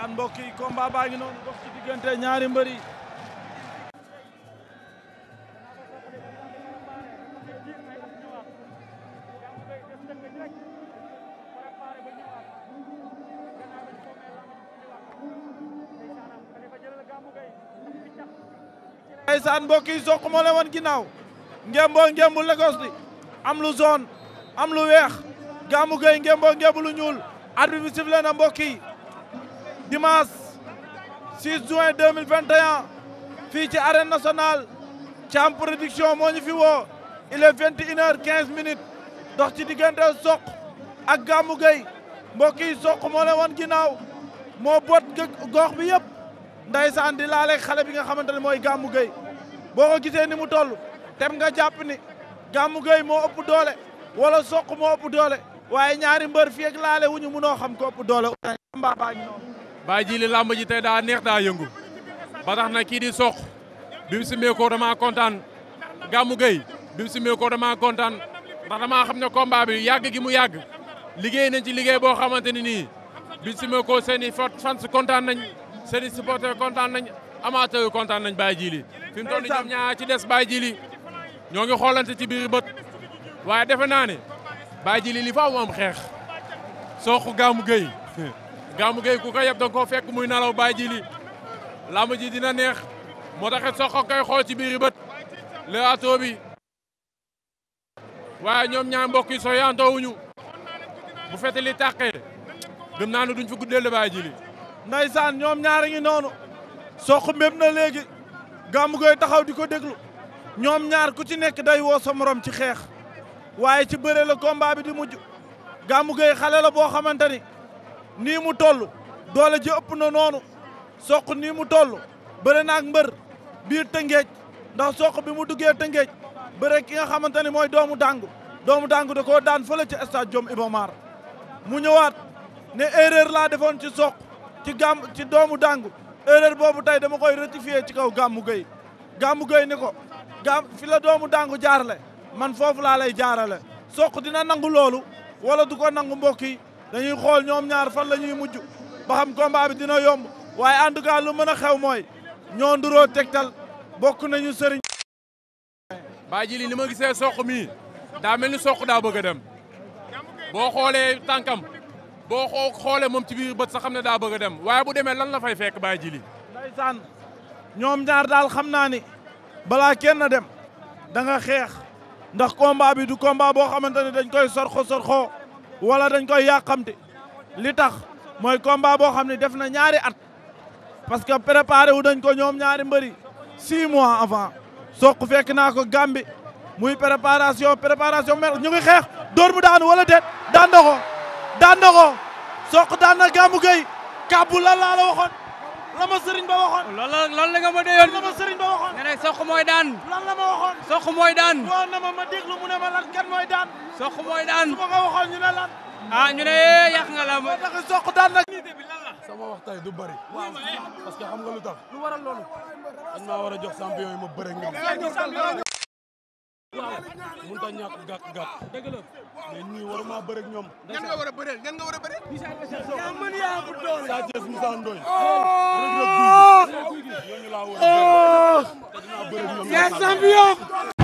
ndeysaan mbokk yi combat baa ngi noonu dox ci diggante ñaari lu zone am lu weex Gamou Gueye ngemboo ngembu lu ñuul na mbokk yi dimanche 6 juin 2021 fii ci arène nationale Thiam production moo ñu fi woo il est 21 heures dox ci diggante soq ak Gamou Gueye mbokk yi moo leen wan ginnaaw moo boot gox bi yëpp ndaysaan di laaleeg xale bi nga xamante ne mooy Gamou Gueye boo ko gisee ni mu toll tem nga jàpp ni Gamou Gueye moo ëpp doole wala soq moo ëpp doole waaye ñaari mbër fi ak laale wu ñu mënoo xam ko ëpp doole mbaa baa ngi noonu bàyyi ji làmb ji te daa neex daa yëngu ba na kii di sox bi mu simee ko kontaan gàmmu gay bi mu simee ko damaa kontaan ndax damaa xam ne combat bi yàgg gi mu yàgg liggéey nañ ci liggéey boo xamante ni nii bi mu simee ko seen i kontaan nañ seen i supporters kontaan nañ amateurs kontaan nañ bàyyi ji li fi mu toll ñoom ñaar ci des bàyyi ñoo ngi xoolante ci biir bët waaye defe naa ne bàyyi ji li li faaw xeex sox gàmmu gay Gamou Gueye ku ko yeb da koo fekk muy nalaw baa ji li làmb ji dina neex moo taxit sox koy xool ci biir bët lewaatoo bi waaye ñoom ñaar mbokk yi soxyantoowuñu bu fete li tàqee gëm naa ne duñ fi guddeel la bàyyi ji li ñoom ñaar ngi noonu sox mbéb na léegi Gamou Gueye taxaw di ko déglu ñoom ñaar ku ci nekk day woo sa morom ci xeex waaye ci bëre la combat bi di mujj Gamou Gueye xale la boo xamante ni nii mu toll doole ji ëpp na noonu soq nii mu toll bëre na mbër biir tëngeej ndax soq bi mu duggee tëngeej bëre ki nga xamante ni mooy doomu dàngu doomu dàngu da ko daan fële ci stade Jom Iba maar mu ñëwaat ne erreur laa defoon ci soq ci gàmm ci doomu dàngu erreur boobu tey dama koy rectifier ci kaw gàmmu gëy gàmmu gëy ni ko gàmm fi la doomu dàngu jaarale man foofu laa lay jaarale soq dina nangu loolu wala du ko nangu mbokk yi dañuy xool ñoom ñaar fan la ñuy mujj ba xam combat dina yomb waaye en tout lu mën a xew mooy ñoo nduroo tegtal bokk nañu sëriñ baa ji li ni ma gisee soq mii daa mel ni soq daa bëgg a dem boo xoolee tànkam boo xoo xoolee moom ci biir bët sax xam ne daa bëgg dem waaye bu demee lan la fay fekk baa ji li ndeysaan ñoom ñaar daal xam naa ni balaa kenn dem danga xeex ndax combat bi du combat boo xamante ne dañ koy sorxo sorxo wala dañ koy yàqamti li tax mooy combat boo xam ne def na ñaari at parce que préparé wu dañ ko ñoom ñaari mbëri six mois avant soq fekk naa ko gambi muy préparation préparation mer ñu ngi xeex dóor mu daanu wala déet daan na ko daan na ko soq daan na gàmmu gay kàbbu la ma sëriñ ba waxoon. loolu lan la nga ma déyoon. la ma sëriñ ba waxoon. nee na soq mooy daan. lan la ma waxoon. soq mooy daan. woo na ma ma déglu mu ne ma lan kan mooy daan. soq mooy daan su ma ko waxoon ñu ne lan. ah ñu ne eh, yàq nga la ma. tax soq daan nag. sama wax tey du bëri. Eh. parce que xam nga lu tax. lu waral loolu. dañ maa war a jox champion yi ma bëre ñoom. Eh, waaw mënut a ñàkk gàkk gàkk. dëgg la mais ñii waruma bëre ak ñoom. ñan nga war a bëreel ñan nga war a bëreel. yaa mën yaa bu doole. Sa Thiès Moussa Ndoye. Oh! c'est oh, champion